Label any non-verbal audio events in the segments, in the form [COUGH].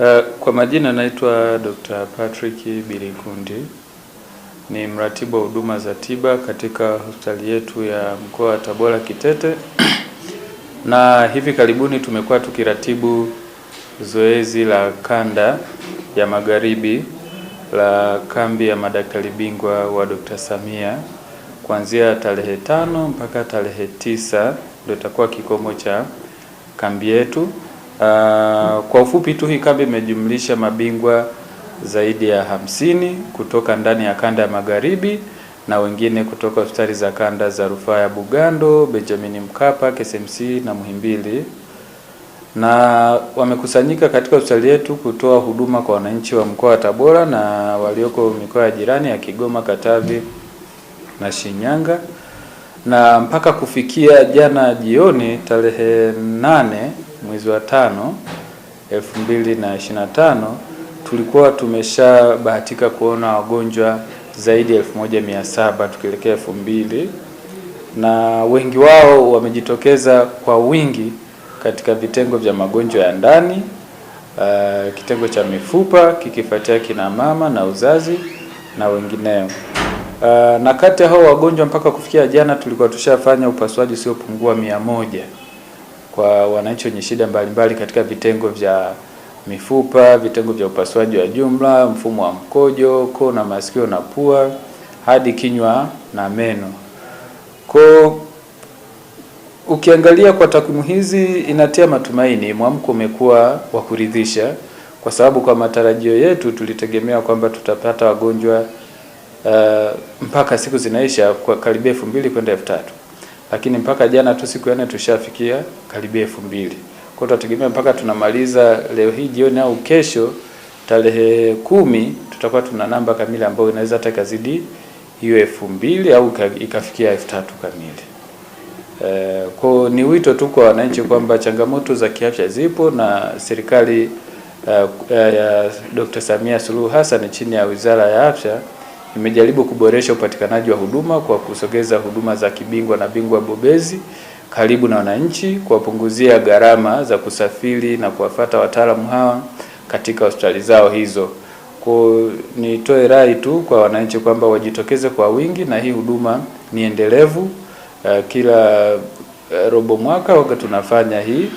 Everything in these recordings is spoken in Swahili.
Uh, kwa majina naitwa Dr. Patrick Bilikundi ni mratibu wa huduma za tiba katika hospitali yetu ya mkoa wa Tabora Kitete, na hivi karibuni tumekuwa tukiratibu zoezi la kanda ya magharibi la kambi ya madaktari bingwa wa Dr. Samia kuanzia tarehe tano mpaka tarehe tisa ndio itakuwa kikomo cha kambi yetu. Uh, kwa ufupi tu hii kambi imejumlisha mabingwa zaidi ya hamsini kutoka ndani ya kanda ya magharibi na wengine kutoka hospitali za kanda za rufaa ya Bugando, Benjamin Mkapa, KSMC na Muhimbili, na wamekusanyika katika hospitali yetu kutoa huduma kwa wananchi wa mkoa wa Tabora na walioko mikoa ya jirani ya Kigoma, Katavi na Shinyanga. Na mpaka kufikia jana jioni tarehe nane mwezi wa tano na tano tulikuwa tumeshabahatika kuona wagonjwa zaidi ya 1700 tukielekea mbili na wengi wao wamejitokeza kwa wingi katika vitengo vya magonjwa ya ndani uh, kitengo cha mifupa kikifuatia kina mama na uzazi na wengineo. Uh, na kati ya hao wagonjwa mpaka kufikia jana tulikuwa tushafanya upasuaji usiopungua mia moja kwa wananchi wenye shida mbalimbali katika vitengo vya mifupa, vitengo vya upasuaji wa jumla, mfumo wa mkojo, koo na masikio na pua, hadi kinywa na meno. Kwa ukiangalia kwa takwimu hizi inatia matumaini, mwamko umekuwa wa kuridhisha, kwa sababu kwa matarajio yetu tulitegemea kwamba tutapata wagonjwa uh, mpaka siku zinaisha kwa karibia elfu mbili kwenda elfu tatu lakini mpaka jana tu siku ya nne tushafikia karibia elfu mbili. Kwa hiyo tutategemea mpaka tunamaliza leo hii jioni au kesho tarehe kumi tutakuwa tuna namba kamili ambayo inaweza hata ikazidi hiyo elfu mbili au ikafikia elfu tatu kamili. E, kwa ni wito tu kwa wananchi kwamba changamoto za kiafya zipo na serikali eh, ya uh, uh, Dr. Samia Suluhu Hassan chini ya Wizara ya Afya imejaribu kuboresha upatikanaji wa huduma kwa kusogeza huduma za kibingwa na bingwa bobezi karibu na wananchi, kuwapunguzia gharama za kusafiri na kuwafata wataalamu hawa katika hospitali zao hizo. Kwa nitoe rai tu kwa wananchi kwamba wajitokeze kwa wingi, na hii huduma ni endelevu. Eh, kila eh, robo mwaka waga tunafanya hii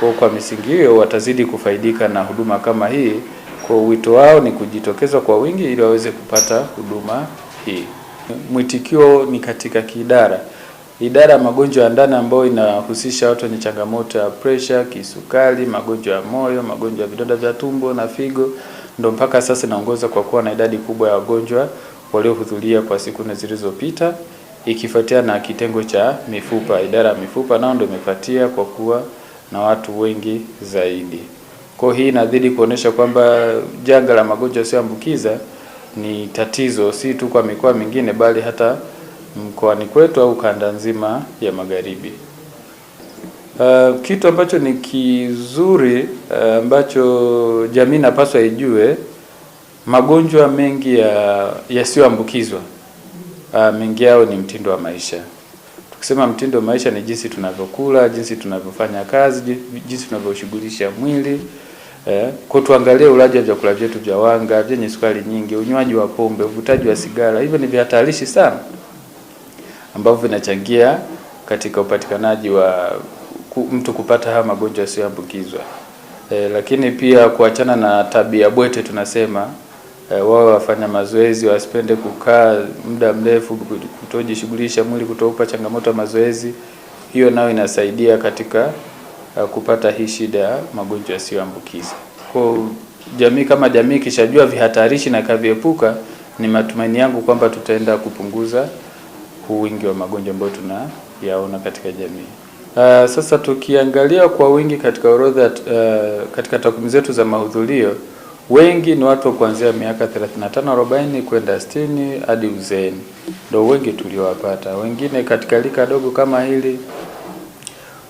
kwa, kwa misingi hiyo watazidi kufaidika na huduma kama hii. Kwa wito wao ni kujitokeza kwa wingi ili waweze kupata huduma hii. Mwitikio ni katika kiidara. Idara ya magonjwa ya ndani ambayo inahusisha watu wenye changamoto ya presha, kisukari, magonjwa ya moyo, magonjwa ya vidonda vya tumbo na figo, ndo mpaka sasa inaongoza kwa kuwa na idadi kubwa ya wagonjwa waliohudhuria kwa siku nne zilizopita, ikifuatia na kitengo cha mifupa. Idara ya mifupa nao ndio imefuatia kwa kuwa na watu wengi zaidi. Kwa hii inazidi kuonyesha kwamba janga la magonjwa yasiyoambukiza ni tatizo si tu kwa mikoa mingine bali hata mkoani kwetu au kanda nzima ya magharibi. Uh, kitu ambacho ni kizuri uh, ambacho jamii napaswa ijue, magonjwa mengi yasiyoambukizwa uh, mengi yao ni mtindo wa maisha. Tukisema mtindo maisha ni jinsi tunavyokula, jinsi tunavyofanya kazi, jinsi tunavyoshughulisha mwili. Eh, kwa tuangalie ulaji wa vyakula vyetu vya wanga, vyenye sukari nyingi, unywaji wa pombe, uvutaji wa sigara, hivyo ni vihatarishi sana ambavyo vinachangia katika upatikanaji wa mtu kupata haya magonjwa yasiyoambukizwa. Eh, lakini pia kuachana na tabia bwete tunasema Eh, wao wafanya mazoezi wasipende kukaa muda mrefu, kutojishughulisha mwili, kutoupa changamoto ya mazoezi. Hiyo nayo inasaidia katika eh, kupata hii shida ya magonjwa yasiyoambukiza. Kwa jamii kama jamii ikishajua vihatarishi na kaviepuka, ni matumaini yangu kwamba tutaenda kupunguza huu wingi wa magonjwa ambayo tunayaona katika jamii. Uh, sasa tukiangalia kwa wingi katika orodha uh, katika takwimu zetu za mahudhurio wengi ni watu kuanzia miaka 35 40 kwenda 60 hadi uzeeni, ndio wengi tuliowapata. Wengine katika lika dogo kama hili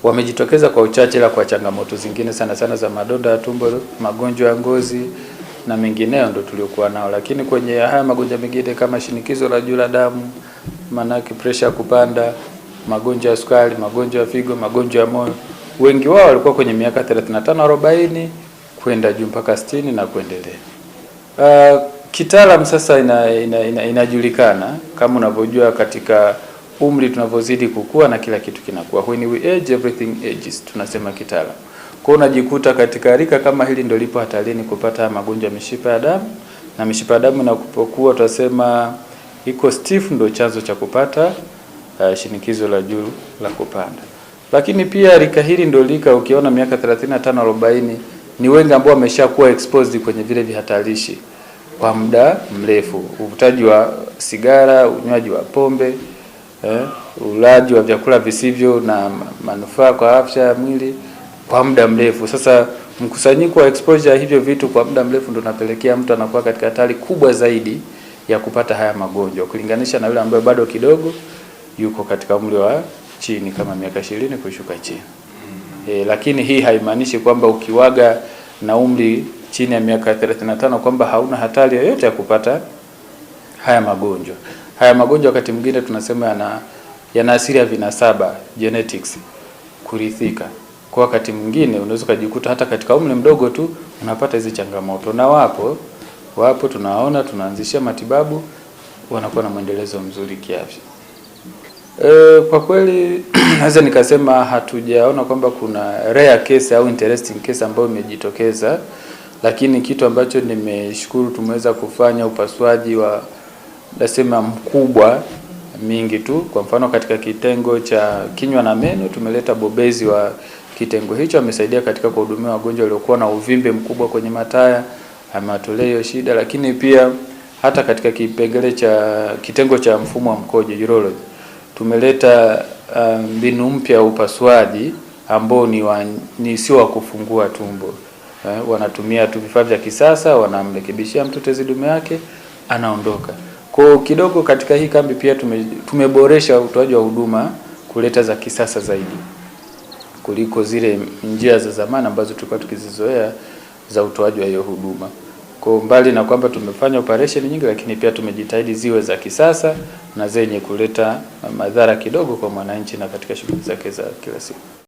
wamejitokeza kwa uchache, ila kwa changamoto zingine sana sana za madonda ya tumbo, magonjwa ya ngozi na mengineyo ndio tuliokuwa nao, lakini kwenye haya magonjwa mengine kama shinikizo la juu la damu, maanake pressure kupanda, magonjwa ya sukari, magonjwa ya figo, magonjwa ya moyo, wengi wao walikuwa kwenye miaka 35 40 kwenda juu mpaka sitini na kuendelea. Uh, kitaalamu sasa ina, ina, ina, inajulikana kama unavyojua katika umri tunavyozidi kukua na kila kitu kinakuwa, when we age everything ages, tunasema kitaalamu. Kwa unajikuta katika rika kama hili ndio lipo hatarini kupata magonjwa ya mishipa ya damu, na mishipa ya damu inapokuwa tunasema iko stiff, ndio chanzo cha kupata uh, shinikizo la juu la kupanda. Lakini pia rika hili ndio lika ukiona miaka 35 40 ni wengi ambao wameshakuwa exposed kwenye vile vihatarishi kwa muda mrefu, uvutaji wa sigara, unywaji wa pombe eh, ulaji wa vyakula visivyo na manufaa kwa afya ya mwili kwa muda mrefu. Sasa mkusanyiko wa exposure hivyo vitu kwa muda mrefu ndio unapelekea mtu anakuwa katika hatari kubwa zaidi ya kupata haya magonjwa ukilinganisha na yule ambaye bado kidogo yuko katika umri wa chini kama miaka ishirini kushuka chini e, lakini hii haimaanishi kwamba ukiwaga na umri chini ya miaka 35 kwamba hauna hatari yoyote ya kupata haya magonjwa. Haya magonjwa wakati mwingine tunasema yana yana asili ya vinasaba genetics, kurithika. Kwa wakati mwingine unaweza ukajikuta hata katika umri mdogo tu unapata hizi changamoto, na wapo wapo, tunaona tunaanzishia matibabu, wanakuwa na mwendelezo mzuri kiafya. E, kwa kweli [CLEARS THROAT] naweza nikasema hatujaona kwamba kuna rare case au interesting case ambayo imejitokeza, lakini kitu ambacho nimeshukuru tumeweza kufanya upasuaji wa nasema mkubwa mingi tu. Kwa mfano katika kitengo cha kinywa na meno tumeleta bobezi wa kitengo hicho, amesaidia katika kuhudumia wagonjwa waliokuwa na uvimbe mkubwa kwenye mataya, amatolea hiyo shida, lakini pia hata katika kipengele cha kitengo cha mfumo wa mkojo urology tumeleta uh, mbinu uh, mpya ya upasuaji ambao ni, ni sio wa kufungua tumbo eh, wanatumia tu vifaa vya kisasa, wanamrekebishia mtoto tezi dume yake anaondoka. Kwa kidogo katika hii kambi pia tume, tumeboresha utoaji wa huduma kuleta za kisasa zaidi kuliko zile njia za zamani ambazo tulikuwa tukizizoea za utoaji wa hiyo huduma. Kwa mbali na kwamba tumefanya operesheni nyingi, lakini pia tumejitahidi ziwe za kisasa na zenye kuleta madhara kidogo kwa mwananchi na katika shughuli zake za kila siku.